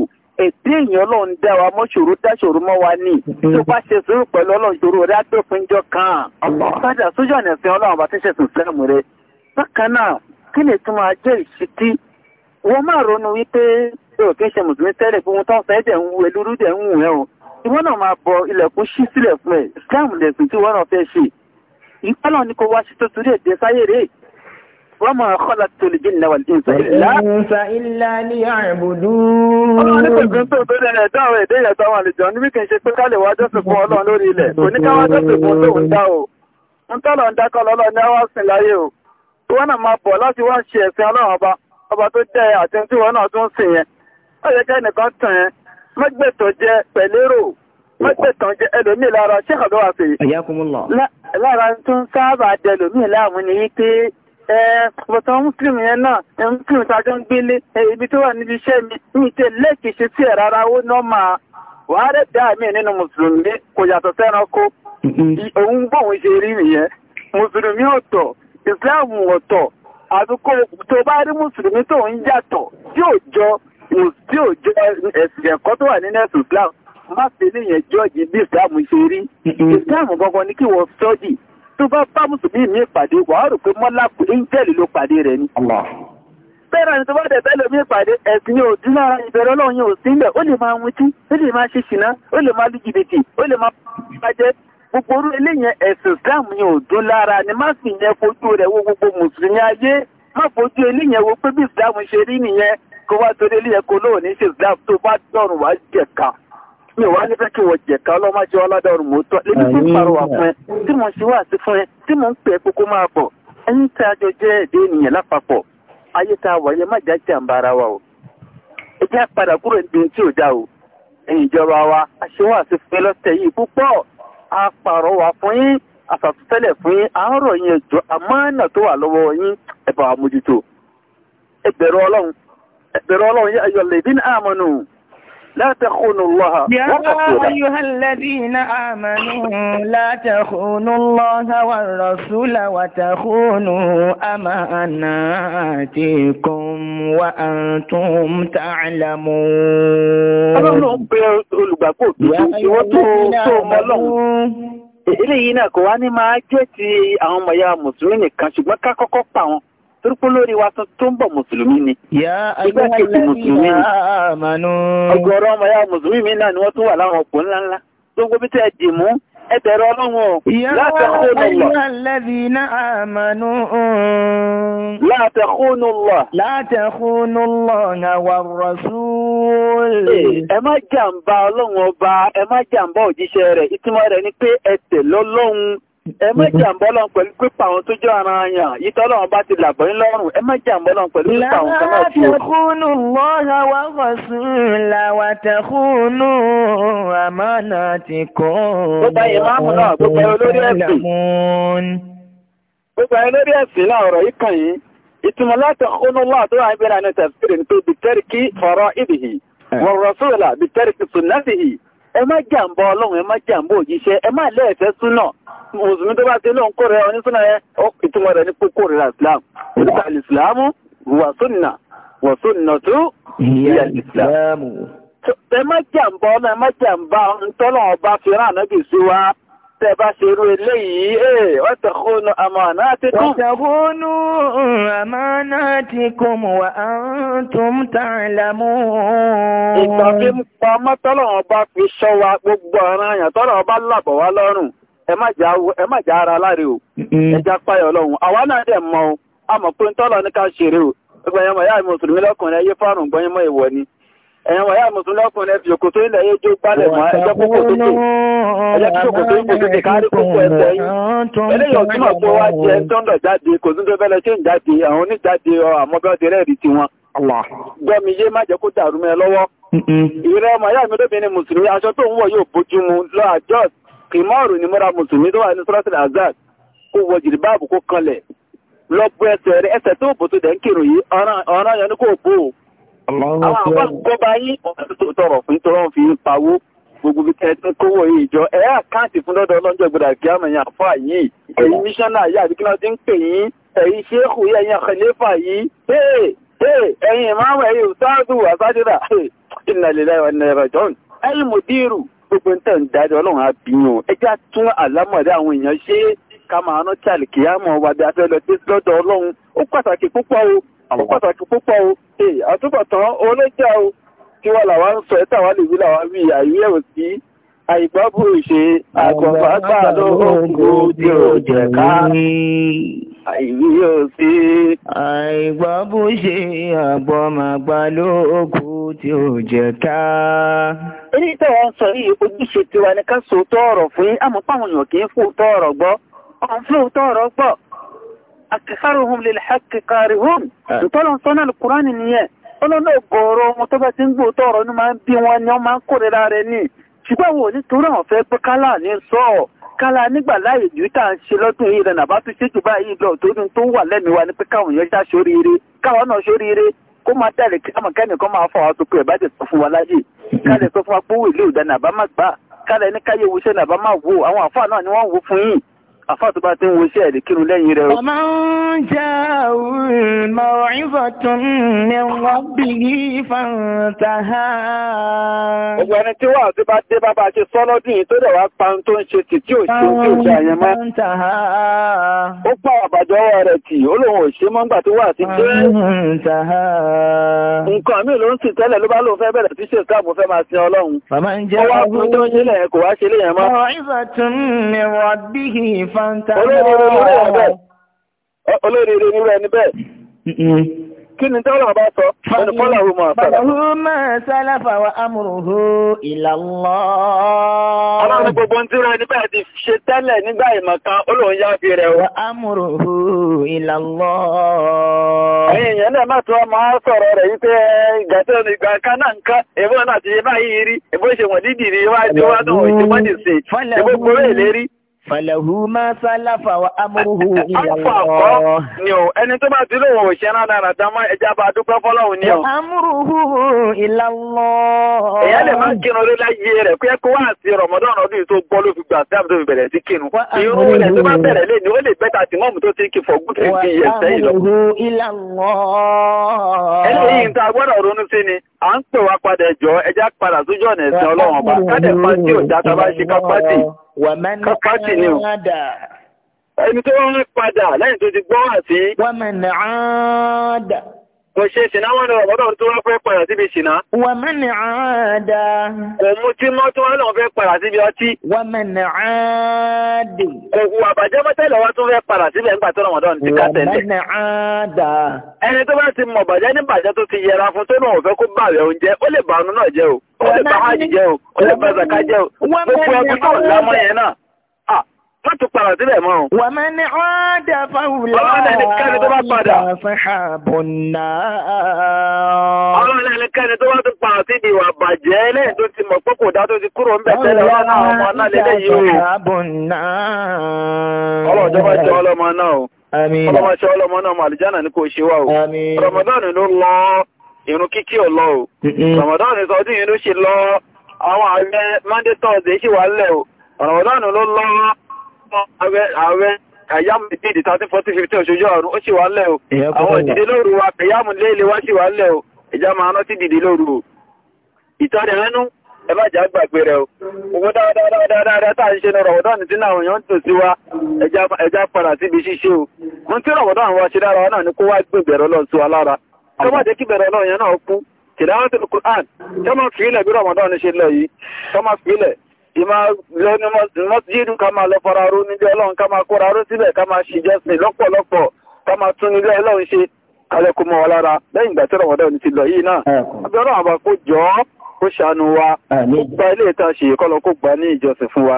Speaker 2: èdè èèyàn ọlọ́run dá wa mọ́ ṣòro dá ṣòro mọ́ wa ní tó bá ṣe sùúrù pẹ̀lú ọlọ́run ṣòro rẹ àtòpinjọ kan padà sójú ọ̀nà ẹ̀sìn ọlọ́run bá tẹ̀sẹ̀ tó sẹ́mu rẹ bákan náà kí lè tún máa jẹ́ ìṣítí wọ́n máa ronú wípé yóò kí ń ṣe mùsùlùmí tẹ́lẹ̀ fún ohun tó ń sọ ẹ̀jẹ̀ ń wù ẹ́ lúrú dẹ̀ ń wù ẹ́ o ìwọ́n náà máa bọ ilẹ̀kùn ṣí sílẹ̀ fún ẹ̀ islam lẹ̀sìn tí wọ́n náà fẹ́ ṣe ìpálọ̀ ni kò wá sí tó torí ẹ̀dẹ́ sáyé rèé wọ́n máa kọ́lá tó lè jìnnà wà ní ìsà ilá ọba tó jẹ́ àtẹ́ntí wọn náà tún sìn yẹn ó yẹ kẹ́ nìkan tàn yẹn mọ́gbẹ̀tàn jẹ pẹ̀lérò mọ́gbẹ̀tàn jẹ ẹlòmíì lára ṣé kàdọ́ wà fèyí. lára tó ń sábà dẹ ẹlòmíì láàmú ni wípé bọ̀tán mùsùlùmí yẹn náà mùsùlùmí tá a jọ ń gbélé ibi tó wà níbi iṣẹ́ mi ní ìtẹ́ lẹ́ẹ̀kì ṣe sí ẹ̀ rárá ó nọ́mà wàá rẹ̀ dá mi nínú mùsùlùmí kò yàtọ̀ sẹ́ranko òun bóun ṣe rí nìyẹn mùsùlùmí ọ̀tọ̀ ìsìláàmù ọ̀tọ̀ àdúgbò tó bá rí mùsùlùmí tó ń yàtọ̀ tí ò jọ kò tí ò jẹ́ ẹ̀sìn ẹ̀kọ́ tó wà nínú ẹ̀sùn Islam má ṣe níyẹn jọ́ọ̀jì bí Islam ṣe rí Islam gangan ni kí wọ́n sọ́ọ̀dì tó bá bá mùsùlùmí mi pàdé wàá rò pé mọ́lá íńjẹ́lì ló pàdé rẹ̀ ni bẹ́ẹ̀rẹ̀ ni tó bá dẹ̀bẹ́ lómi ìpàdé ẹ̀sìn yóò dín lára ìbẹ̀rẹ̀ ọlọ́run yóò sí ilẹ̀ ó lè máa mutí ó lè máa ṣe ṣìná ó lè máa lu jìbìtì ó lè máa bá jẹ́ gbogbo orú eléyẹn ẹ̀sìn Islam yóò dún lára ni má sì yẹn fojú rẹ̀ wo gbogbo mùsùlùmí ayé má fojú eléyẹn wo pé bí Islam ṣe rí nìyẹn kó wá torí ilé ẹ̀kọ́ náà ní ṣe islam tó bá dọ̀rùn wá jẹ̀ka mi wá nífẹ̀ẹ́ kí wọ́n jẹ̀ka ọlọ́mọ jẹ́ ọlọ́dọ̀rùn mò ń tọ́ lébi tí ń pariwo fún ẹ tí mò ń ṣe wá sí fún ẹ tí mò ń pè é kókó máa bọ̀ ẹ̀yin tí a jọ jẹ́ èdè ènìyàn lápapọ̀ ayé tá a wà yẹn má já jà ń wa o ẹ jẹ́ padà kúrò níbi tí ò dá o ẹ̀yin ìjọba wa a ṣe wá sí fún ẹ lọ́sẹ̀ yìí púpọ̀ a pààrọ̀ wà fún yín àfàtútẹ́lẹ̀ fún yín àárọ̀ yẹn jọ àmọ́ náà tó wà lọ́wọ́ yín ẹ bá wa mójútó ẹ bẹ̀rù ọlọ́run ẹ̀bẹ̀rẹ̀ ọlọ́run yá ayọ̀ lè dín àmọ́nù لا تخونوا الله يا أيها الذين آمنوا لا تخونوا الله والرسول وتخونوا
Speaker 1: أماناتكم وأنتم
Speaker 2: تعلمون yìí náà kò wá ní máa jẹ́ ti àwọn ọmọ ya Mùsùlùmí nìkan ṣùgbọ́n ká kọ́kọ́ pa turukun lórí wa tó ń bọ̀ mùsùlùmí ni.
Speaker 1: igbákejì mùsùlùmí
Speaker 2: ni. ọ̀gọ̀rọ̀ ọmọ ya mùsùlùmí mi náà ni wọ́n tún wà láwọn ọ̀pọ̀ ńláńlá. gbogbo bí tẹ́ ẹ dì mú ẹ bẹ̀rẹ̀ ọlọ́run o. la takhunu Allah. la takhunu Allah wa rasul. ẹ má jàǹbá ọlọ́run ọba ẹ má jàǹbá òjíṣẹ́ rẹ̀ ìtumọ̀ rẹ̀ ni pé ẹ tẹ̀ lọ́lọ́run ẹ má mhm. jàǹbọ́lọ̀ pẹ̀lú pípa àwọn tó jẹ́ ara yàn ìtọ́lọ́wọ́n bá ti làbọ̀ ń lọ́rùn ẹ má jàǹbọ́lọ̀ pẹ̀lú pípa àwọn tó náà tí ó. láàtẹ̀kúnù lọ́ra wá rọ̀sùn làwàtẹ̀kúnù àmánà ti kọ́ gbogbo olórí ẹ̀sìn náà ọ̀rọ̀ yìí kàn yín ìtumọ̀ látẹ̀kúnù lọ́wọ́ tó wà ń bẹ̀rẹ̀ ní tẹ̀síìrì ní tó bìtẹ́rì kí ọ̀rọ̀ ìdìhì eh. wọ̀rọ̀ sóòlà bìtẹ́rì kí sùn náà ẹ má jàǹbá ọlọ́run ẹ má jàǹbá òjíṣẹ́ ẹ má lẹ́ẹ̀fẹ́ súnà mùsùlùmí tó bá ti lóun kórè ọ ní súnà yẹn ó ìtumọ̀ rẹ̀ ní kórè islam islam wà tó ìyá ẹ má ọba fi rán tẹ́ bá ṣe irú eléyìí ee eh, watakhunu amanatikum. watakhunu amanatikum wa antum ta'lamun. ìtọ́kí pamọ́ tọ́lọ́wọ́n bá fi ṣọ́ wa gbogbo ọ̀ràn àyàn tọ́lọ́wọ́n bá làbọ̀ wá lọ́rùn ẹ má jà ara láre o ẹ já páyọ̀ ọlọ́run àwa náà dẹ̀ mọ́ o a pé ń tọ́lọ́ ní ká ṣeré o gbẹ̀yẹmọ̀ yáà ẹ̀yàn wọ̀nyá mùsùn lọ́kùnrin ẹ̀fì òkòtò ilẹ̀ yóò jó gbálẹ̀ mọ́ ẹjọ́ púpọ̀ tókè
Speaker 1: ẹjọ́ tí òkòtò ìpò tókè kárí púpọ̀ ẹ̀fẹ́ yìí
Speaker 2: eléyìí ọ̀tí mọ̀ pé wá jẹ́ tọ́ndọ̀ jáde kò tún tó fẹ́lẹ̀ ṣé ń jáde àwọn oníjáde àmọ́bẹ́ọ́dẹ rẹ́ẹ̀rí tiwọn gbọ́mi yé má jẹ́ kó dàrú mẹ́ lọ́wọ́ ìrẹ́ ọmọ ìyá mi lóbìnrin mùsùlùmí aṣọ tó ń wọ̀ yóò bójú mu lọ àjọ kìmọ́ọ̀rù ni múra mùsùlùmí tó wà ní sọ́rọ́sìlẹ̀ azad kó wọ jìrìbáàbù kó kanlẹ̀ lọ ẹsẹ̀ rẹ ẹsẹ̀ tó bò tó ń kírun yìí ọ̀ràn yẹn ni kò bò ó àwọn ọgbọ́n gbọ́ba yín ọ̀rọ̀ tó tọrọ fún tó rán fi ń pawó gbogbo bí kẹtí kówó ìjọ ẹ àkáǹtì fún lọ́dọ̀ ọlọ́jọ́ gbọdọ̀ kí á mọ̀yàn fún àyè ẹ̀yin míṣánná yìí àti kí wọ́n ti ń pè yín ẹ̀yin ṣéèkù yìí ẹ̀yin àkẹlẹ́fà yìí ee ee ẹ̀yin ìmáàmù ẹ̀yin òtáàdù àsájúdà inna lillahi wa inna ilaihi raji'un ẹ̀lmùdírù gbogbo ń tẹ̀ ń dájọ́ ọlọ́run àbíyàn ẹ já tún àlámọ̀dé àwọn èèyàn ṣe ká máa rántí àlìkìyàmọ̀ wàdí afẹ́lẹ́ tí lọ́dọ̀ ọlọ́run ó pàtàkì púpọ̀ o ó pàtàkì púpọ̀ o àtúbọ̀tán olójà o kí wà làwa ń sọ ẹ́tà wà lè wí làwa wí àìwé ò sí àìgbábù ìṣe àgbọ̀fàgbà lóògùn òdì òjẹ̀ká àìwé
Speaker 1: ò sí. àìgbábù ṣe àgbọ̀màgbà lóògùn
Speaker 2: tí ò jẹ́ ká. eléyìí tó sọ yìí ojúṣe tiwa ni ká sòótọ́ ọ̀rọ̀ fún yín àmọ́ táwọn èèyàn kì í fòótọ́ ọ̀rọ̀ gbọ́ gbọ́ akẹ́kọ̀ọ́rùn lè hàkì kàrìhùn ìtọ́lọ̀ sọ́nà alukùránì nìyẹn ọlọ́nà ọgọ́rọ̀ ọmọ tó bá ti ń gbò tọrọ ní máa ń bí wọn ni wọ́n máa ń kórira rẹ̀ ní ṣùgbọ́n wò ní torí àwọn fẹ́ pé kálá ní sọ ọ́ kálá nígbà láàyè jù tá à ń ṣe lọ́dún yìí rẹ̀ nàbá tún ṣètò báyìí lọ torí tó ń wà lẹ́mìí wa ni pé káwọn yẹn já sóríire káwọn náà sóríire kó máa dàrí kí amọ̀kẹ́ni kan máa fọ àwọn tó pé ẹ̀ bá ti sọ fún wa láyè kálẹ̀ sọ fún wa pé owó ìlú ìdáná àbá má gbà kálẹ̀ ní káyé wuṣẹ́ nàbá má wò àwọn àfáà náà ni wọ́n wò fún yìí àfáàtù bá ti ń wo iṣẹ́ ẹ̀dì kírun lẹ́yìn rẹ̀ ọmọ ó pa àbàjọ ọwọ́ rẹ̀ tì ó lòun ò ṣe mọ́ngbà tó wà sí dé. nǹkan mi ló ń sìn tẹ́lẹ̀ ló bá lóun fẹ́ bẹ̀rẹ̀ sí ṣe ìsìlámù fẹ́ máa sin ọlọ́run. ọwọ́ fanta olóòrèrè ẹni bẹ́ẹ̀ kí ni tọ́lọ̀ sọ sálàfà wa amúrùhù ìlàlọ́ ọlọ́run gbogbo ń tíra ẹni ti ṣe tẹ́lẹ̀ nígbà ìmọ̀kan olóhun yá fi rẹ̀ wa ìlàlọ́ ẹ̀yìn sọ̀rọ̀ rẹ̀ yí Fàlẹ̀hù máa sálàfà wa amúrúhù ìyàwó. Ẹni tó bá ti lò wò ṣe rán dára dámọ́ ẹjá bá dúpẹ́ fọ́lọ́hùn ní ọ.
Speaker 1: Amúrúhù
Speaker 2: ìlàlọ́. Ẹ̀yà lè máa kírun orí ni ó lè bẹ́ta tí mọ́mù tó ti ń kí fọ́ gúdù bí ẹ̀sẹ̀ ìlọ. Amúrúhù ìlàlọ́. Ẹlẹ́yìn tá a gbọ́dọ̀ ronú sí ni, à ń pè wá padà jọ ẹjá padà sójú ọ̀nà ẹ̀sìn Ọlọ́run ọba. Ká kápátì ni o ẹni tó ń padà lẹ́yìn tó ti gbọ́ àti. wọ́n mẹ́ni àádà. Kò ṣe ṣìná wọ́n lọ ọ̀dọ́ tó wá fẹ́ padà síbi ṣìná. Wà mẹ́ni àádá. Kò mú tí mọ́ tó wá lọ fẹ́ padà síbi ọtí. Wà mẹ́ni àádì. Kò wù àbàjẹ́ mọ́tẹ́lẹ̀ wá tún fẹ́ padà síbẹ̀ nígbà tó rọ̀mọ̀dọ́ ti ká tẹ̀lé. Wà mẹ́ni àádá. Ẹni tó bá ti mọ̀ bàjẹ́ ní bàjẹ́ tó ti yẹra fún tó náà fẹ́ kó bàwẹ̀ oúnjẹ, ó lè bàánú náà jẹ́ o, ó lè bá hajj jẹ́ o, ó lè bá Má tún padà sílẹ̀ mọ́. Wà máa ní ọ́dà fáwùlà. Ọlọ́run tó bá padà. Ọlọ́run tó bá tún padà sí ìwà bàjẹ́ lẹ́yìn tó ti mọ̀ pé kò dá tó ti kúrò ńbẹ̀ tẹ́lẹ̀ wá náà ọmọ náà lélẹ̀ yìí o. Ọlọ́run jọba jọ ọlọ́mọ náà o. Ọlọ́mọ ṣe ọlọ́mọ náà mọ̀ àlùjánà ni kò ṣe wá o. Rọ̀mọ̀dọ́nù ló lọ irun kíkí ò lọ o. Rọ̀mọ̀dọ́nù sọ ọdún yìí ló ṣe lọ àwọn ààrẹ Monday Thursday ṣì wà lẹ̀ o. Rọ̀mọ̀dọ́nù ló lọ ààrẹ ààrẹ kàyámù ní ìdí thirteen fourteen fifteen oṣooṣù ọ̀run ó sì wà lẹ̀ o àwọn ìdílé lóru wa kàyámù lé ilé sì wà lẹ̀ o ìjà máa rántí dìde lóru o ìtọ́ni rẹ́nu ẹ má jà gbàgbé rẹ o owó dáadáa tá à ń ṣe ní rọ̀wọ̀dán tí náà èèyàn ń tò sí wa ẹja padà síbi ṣíṣe o mo tí rọ̀wọ̀dán wa ṣe dára wa náà ni kó wá gbé bẹ̀rẹ̀ ọlọ́run sí wa lára kó má jẹ́ kí bẹ̀rẹ̀ ọlọ́run yẹn náà kú tìdáwọ́ tó kù án kó má fi ilẹ̀ bí rọ̀wọ̀dán ṣe lọ yìí kó má fi ilẹ̀ ìmá lọ ní mọ́síjídù ká máa lọ fara ró nílé ọlọ́run ká máa kóra ró síbẹ̀ ká máa ṣìjọsìn lọ́pọ̀lọpọ̀ ká máa tún nílé ọlọ́run ṣe kálẹ̀ kó mọ́ wa lára lẹ́yìn ìgbà tí ọ̀rọ̀ ọ̀dọ́ ti lọ yìí náà abẹ́rọ̀ àbá kó jọ ọ́ kó ṣàánú wa kó gba ilé ìta ṣe kọ́lọ kó gbà ní ìjọsìn fún wa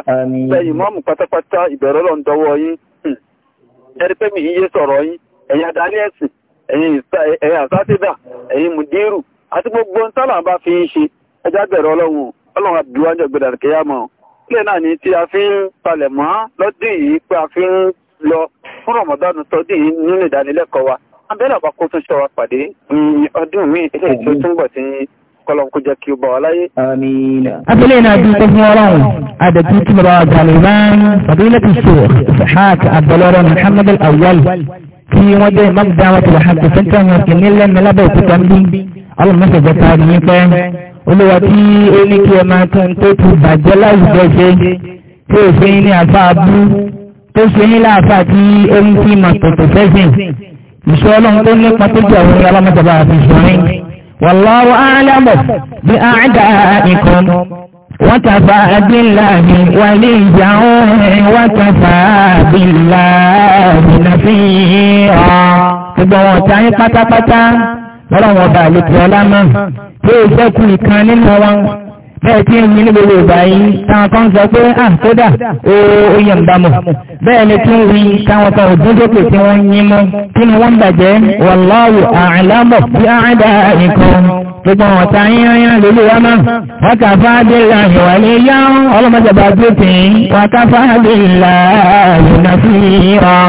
Speaker 2: lẹ́yìn mọ́mù pátápátá ìbẹ̀rẹ̀ ọlọ́run dọwọ́ ọlọ́run àdúrà jọ gbẹdà kéyà mọ́ ilé náà ni tí a fi ń palẹ̀ mọ́ lọ́dún yìí pé a fi ń lọ fún rọmọdọ́nù tọdún yìí nínú ìdánilẹ́kọ̀ọ́ wa abẹ́rẹ́ àbá kó tún ṣe wa pàdé ọdún míì ilé tí ó túnbọ̀ sí kọlọ̀n kó jẹ́ kí ó bá wa láyé. abẹ́lẹ̀ náà dúpẹ́ fún ọlọ́run
Speaker 1: adẹ̀tún tí bàbá galimán fadilati sheikh sahak abdulọ́rọ̀ muhammad al wọ́n jẹ́ imam dawud wa hafi center of the million melabe òkúta ń bí ọlọ́run mẹ́sàgbẹ́ta ní pẹ́ olówó tí ó ní kí ẹ máa tán tó ti bàjẹ́ láwùjọ ṣe tí ò ṣe ní àfa abú tó ṣe ní láàfà tí ó ń fi mà tòtò fẹ́sìn ìṣọ́ ọlọ́run tó nípa tó jẹ́ àwọn alámọ́jọba àti ìṣọ́rin wallahu a'lamu bí a'da'ikum wakafa billahi waliyyan wakafa billahi nasiira gbogbo wọn ta yín pátápátá ọlọ́run ọba àlejò ọlámà tó o jẹ́kù ìkan nínú wọn bẹ́ẹ̀ tí ń yin ní gbogbo ìgbà yìí táwọn kan sọ pé à ah, kódà ooo yẹn ń bá bẹ́ẹ̀ ni tí ń rí táwọn kan ò dúdókè tí wọ́n yín mọ́ kí ni wọ́n bàjẹ́ wallahu a'lamu bí àádá nǹkan gbogbo àwọn ọ̀tá yínyìn lórí wa máa wákàfá délà ìwà lè yá ọlọ́mọdébà tó tì í wákàfá délà ìrìnà sí ìrọ̀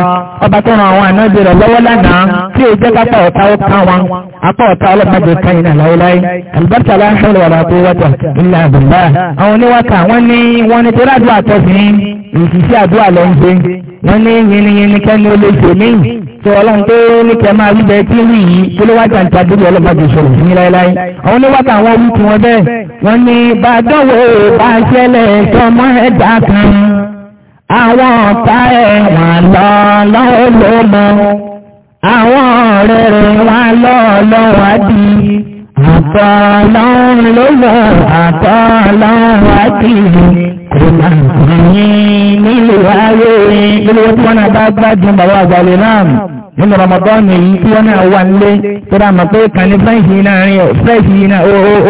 Speaker 1: ọba tó ràn àwọn ànájẹ́ rẹ̀ lọ́wọ́ lánàá tí ó jẹ́ lápá ọ̀tá ó ká wọn apá ọ̀tá ọlọ́mọdé káyìn àláwọ́láyé albarka aláṣọ́lẹ̀ wà látó ilẹ̀ àbùbá tó ọlọ́run tó ní kẹ́ máa rí bẹ́ẹ̀ tí rí yìí tó ló wájà ń tàbí ọlọ́pàá jù sọ̀rọ̀ sí láéláé àwọn oníwàkà àwọn orí tí wọ́n bẹ́ẹ̀ wọ́n ní bá dánwò bá ṣẹlẹ̀ sọmọ ẹ̀dá kan àwọn ọ̀tá ẹ̀ wọ́n lọ lọ́wọ́ ló mọ àwọn ọ̀rẹ́ rẹ̀ wọ́n lọ lọ́wọ́ di àtọ̀ lọ́run ló lọ àtọ̀ lọ́run wá di Ìlú ayé ìlú tí wọ́n náà bá gbádùn bàbá àgbàlè náà nínú Ramadan yìí tí wọ́n náà wà nílé tó dá mọ̀ pé kàní fẹ́ǹsì náà rìn fẹ́ǹsì náà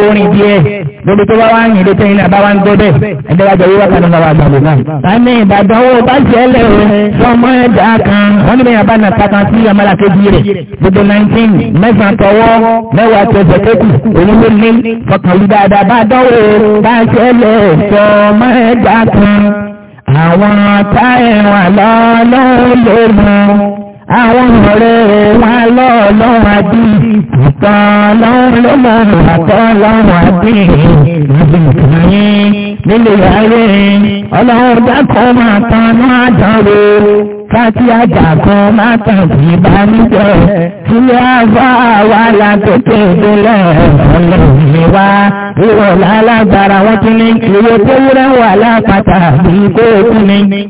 Speaker 1: orin díẹ̀ lórí tó bá wá ń yìnbó tẹ́yìn náà bá wá ń gbọ́ bẹ́ẹ̀ ẹ̀dẹ́gbàjọ wíwá kan náà wà gbàgbọ́ náà. àmì ìbàdàn owó bá ṣẹlẹ̀ o sọmọ ẹ̀dá kan wọ́n ní bẹ́ẹ̀ bá nà takan sí amala kejì rẹ̀ gbogbo nineteen mẹ́sàn-án tọwọ́ mẹ́wàá tẹsẹ̀ kẹ́kù oníwó ní fọkànlú àwọn ọ̀rẹ́ wọn lọ́ọ̀lọ́wọ́ àbí ìtàn lọ́wọ́ lọ́wọ́ àtọ́ lọ́wọ́ àbí ìrìnàjò nílé ayé ọlọ́run dákọ̀ máa tan máa dánwò káàkì àjà kan máa tàn sí ìbánújẹ́ tí a bá wà látòkè ìdúnlẹ̀ ọlọ́run ni wá ìrọ̀lá alágbára wọn tún ní ìwé tó wúrẹ́ wà lápáta àbí kó tún ní.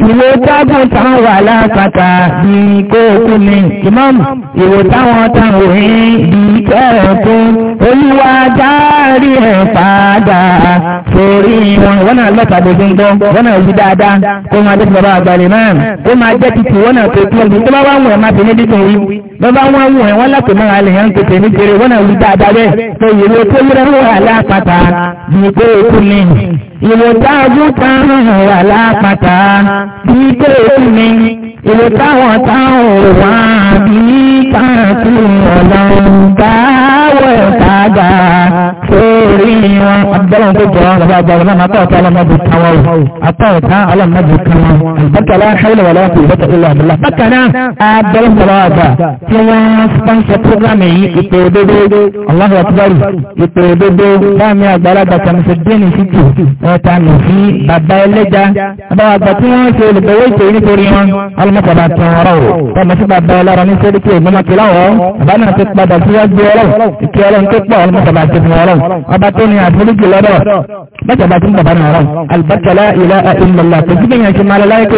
Speaker 1: Ìwé tágùn táwọn wà lápàtà bí kó kú ni, ìmọ́mù, ìwé táwọn táwọn òhìn bí tẹ́rẹ̀ fún, olúwa jáàrí ẹ̀ padà sórí wọn. Wọ́n náà lọ́ta bó ṣe ń gbọ́, wọ́n náà yí dáadáa, kó máa jẹ́ ti bàbá àgbàlè náà, kó máa jẹ́ ti tì náà tó tún ọdún tó bá wà wọ̀ ẹ̀ máa fi ní dídùn yìí bàbá wọn wù ẹ̀ wọ́n láti máa lè hàn tètè ní jẹrẹ wọ́n náà wù dáadáa bẹ́ẹ̀ pé ìwé tó yẹ wà lápáta bíi pé òkú ni ìwé táàbù táwọn wà lápáta bíi pé òkú ni ìwé táwọn táwọn wà bíi káàtì ọ̀làǹ dáwọ̀ dáadáa sórí wọn. abdullah tó jọ wọn bàbá àgbà náà àtọ̀ ọ̀tá ọlọ́mọdé táwọn o àtọ̀ ọlọ́mọdé táwọn o. bákan náà tí wọ́n sponsor program yìí ìpè òdodo Allahu Akbar ìpè òdodo láàmì àgbàlagbà tàmísọ dénì títù ọ̀tà nìfí bàbá ẹlẹ́jà àbáwàgbà tí wọ́n ṣe olùgbòwó ìpè nítorí wọn ọlọ́mọkọ̀dà tán ọ̀rọ̀ o tọ́mọ sí bàbá ẹlẹ́rọ ní sẹ́ríkì ògbómọkìláwọ̀ bàbá náà ti padà síwájú ọ̀rọ̀ ìkí ọlọ́run tó pọ̀ ọlọ́mọkọ̀dà ti fún ọ̀rọ̀ ọba tó ní àforíjì lọ́dọ̀ bàtàbà tí ń bàbá náà rọ̀ albakala ilá ìmọ̀lá kò sí gbìyànjú máa lọ láyé ti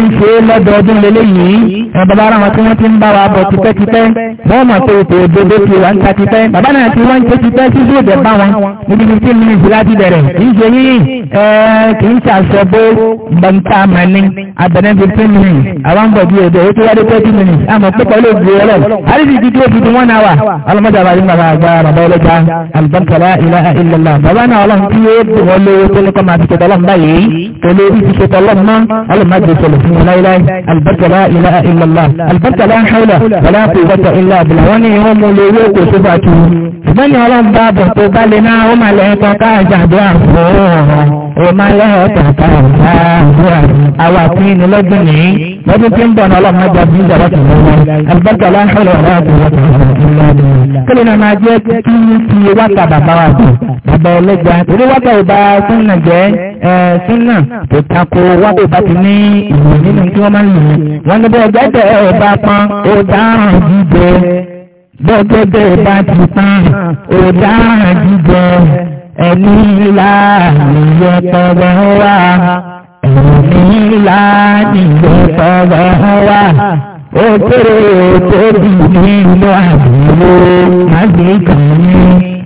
Speaker 1: ń ṣe lọ́dọọdún lélẹ́yìn bàbá wọ́n ti ń bá wa bọ̀ tipẹ́tipẹ́ wọ́n mọ̀ pé ètò òdodo ti wà ń ta tipẹ́ bàbá náà ti wọ́n ń ṣe tipẹ́ síbi èdè bá wọn níbi fifteen minutes láti bẹ̀rẹ̀ kì í ṣe yíyìn kì í ṣàṣọ bó gbọ̀ǹta mọ̀ ní abẹ̀rẹ̀ fifteen minutes àwọn ń bọ̀ bí èdè ó ti wá dé thirty minutes àmọ́ pípọ̀ ló gbé ọlọ́ àríṣì ti dúró fìdí wọn náà wà ọlọ́mọdé àbájú bàbá àgbà bàbá ọlọ́jà alùbọ́nkàlá wala hawla wala quwwata illa billah wọ́n ní ìwọ́n mú lè rí òkú sífà tu ṣùgbọ́n ní ọlọ́run bá bọ̀ tó bá lè náà ó máa lẹ́yìn kan káàjà àdó àfọ́ ó lọ́dún tí ń bọ̀ náà ọlọ́run ọjà bí ìjọba tó wọ́n wọ́n àlùbáríkà láńkọ́lọ̀ ọ̀rọ̀ àti ìwọ́n tó wọ́n wọ́n lọ́dún. kílè náà máa jẹ́ kí ní ti wákà bàbá wa bọ̀ bàbá ẹlẹ́gbà torí wákà ò bá súnà jẹ́ súnà tó tako wákà ò bá ti ní ìwé nínú tí wọ́n máa ń lò wọ́n ní bẹ́ẹ̀ gẹ́gẹ́ ò bá pọn ó dáhùn jíjẹ bẹ́ẹ̀gẹ́gẹ́ ò bá ti pọn ó dáhùn jíjẹ ẹni ńlá ìyẹpẹrẹ wá nílá nígbà tọ́gbà wá ó kéré tóbi nínú àbúrò mágbé kan ní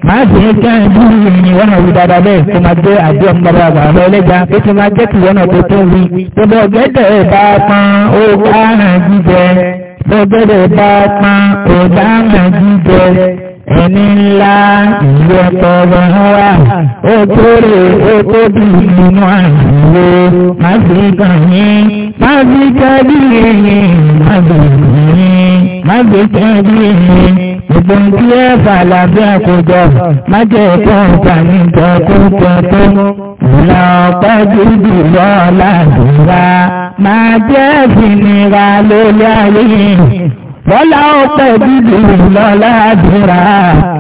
Speaker 1: mágbé kan ní ìrìn wọn àwọn ìdàdà bẹ́ẹ̀ tó máa gbé àjọ ọmọdé àgbà rẹ lẹ́gbàá pé tí máa jẹ́ kí wọn náà tó tó wí tó bọ́ bá pọn ó káràn jíjẹ ẹni ńlá ìlú ọ̀tọ̀ ọgbọ̀n wà ó kéré ó tóbi nínú àìwò máfíkà yín máfíkà bí ẹ̀yìn máfíkà yín máfíkà bí ẹ̀yìn gbogbo tí ẹ fà lábẹ́ àkójọ májẹ̀ ẹ̀kọ́ ìpàdé ìjọkújọ tó ìlà ọ̀pẹ́ dúdú lọ́ọ́ láàdúrà máa jẹ́ ìsinira lórí ayé Bọ́lá ọ̀pẹ́ bíbí lọ́lá dúra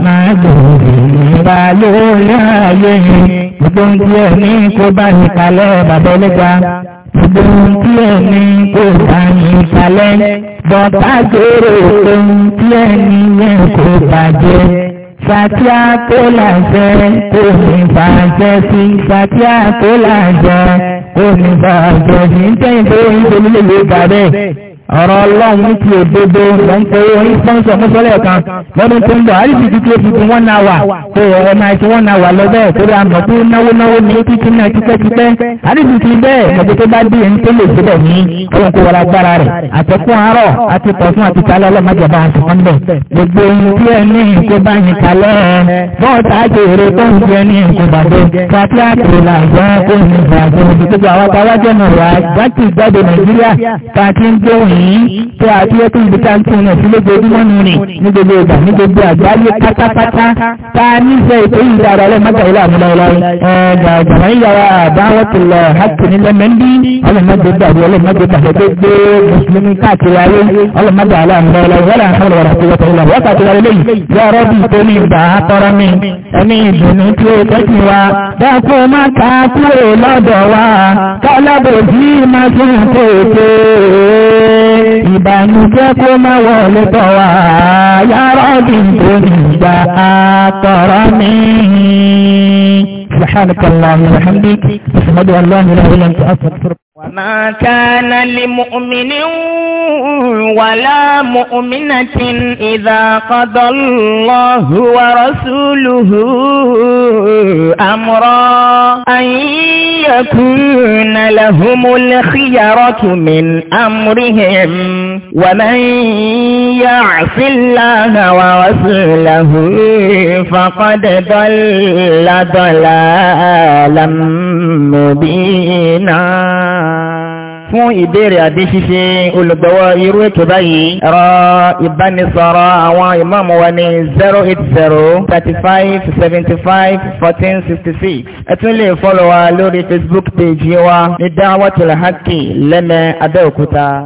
Speaker 1: máa gbòòrò ìrìnbá lórí ayé ni. Gbogbo ń tí ẹ̀ ní kó bá ní kalẹ̀ bàbá ẹlẹ́gbà. Gbogbo ń tí ẹ̀ ní kó bá ní kalẹ̀. Bọ̀tá kó làjẹ́ kò ní bàjẹ́ sí. Fàtíà tó làjẹ́ kò ní bàjẹ́ sí. Ń tẹ́yìn tó ń nílé ọ̀rọ̀ ọlọ́run ní ti òdodo lọ ń pe orí sponsor mọ́sọ́lẹ̀ kan lọ́dún tó ń bọ̀ àríṣì títí ó fi ti wọ́n náà wà tó ọ̀rọ̀ náà ti wọ́n náà wà lọ bẹ́ẹ̀ tó rí àmọ̀ tó náwó náwó ní títí náà tipẹ́tipẹ́ àríṣì ti bẹ́ẹ̀ mọ̀gbẹ́ tó bá dé ẹni tó lè síbẹ̀ ní tóun kó wọlé agbára rẹ̀ àtẹ̀kùn àárọ̀ àti pọ̀fún àti talẹ́ ọlọ́mọdébà àti kọ́ńdọ̀ gbogbo ohun tí ẹ ní nǹkó bá yín kalẹ́ bọ́ọ̀tà àti èrè tó ń jẹ ní nǹkó bàbá kàtí àtò làgbọ́n kò ní ìgbàgbọ́ òbí gbogbo àwọn táwájẹ́ náà wà jákèjádò nàìjíríà kàtí ń gbóhùn yìí tí a ti yẹ kí ibi táǹtì náà sí lójoojúmọ́ nù rìn ní gbogbo ìgbà ní gbogbo àgbáyé pátápátá tá a nífẹ̀ẹ́ ìpé yìí dára lẹ́ mọ́tà ilé àmúlá ọlọ́run ẹ̀ẹ́dàgbà yàrá àbáwọ̀ tó lọ hákì nílẹ̀ mẹ́ndí ọlọ́mọdé dàbí ọlọ́mọdé pàṣẹ tó gbé mùsùlùmí káàkiri ayé ọlọ́mọdé aláàmúlá ọlọ́run wọ́n làwọn ọlọ́run àti wọ́tọ̀ ọlọ́run wọ́n kàkiri ayé lẹ́yìn yọ̀rọ̀ bí tó ní ìgbà tọrọ mi ẹni ìdùnnú tí ó tẹ́sí wa dákun má ká kúrò lọ́dọ̀ wa kálábòsí má tún kò tó ìbànújẹ́ kó má wọlé tọ́ wa yàrá ìdìbò ìgbà àtọ̀rọ̀ mi. سبحانك اللهم وبحمدك اشهد ان لا اله الا انت وما كان لمؤمن ولا مؤمنة إذا قضى الله ورسوله أمرا أن يكون لهم الخيرة من أمرهم ومن يعص الله ورسوله فقد ضل ضلالا مبينا fún ìbéèrè àbí ṣíṣe olùgbọ́wọ́ irú ètò báyìí ẹ̀rọ ìbánisọ̀rọ̀ àwọn ìmáàmù wa ní 080 35 75 14 66 ẹ tún lè fọ́lọ̀ wa lórí Facebook page wa ní Da'watul Haqqi lẹ́mẹ̀ Abẹ́òkúta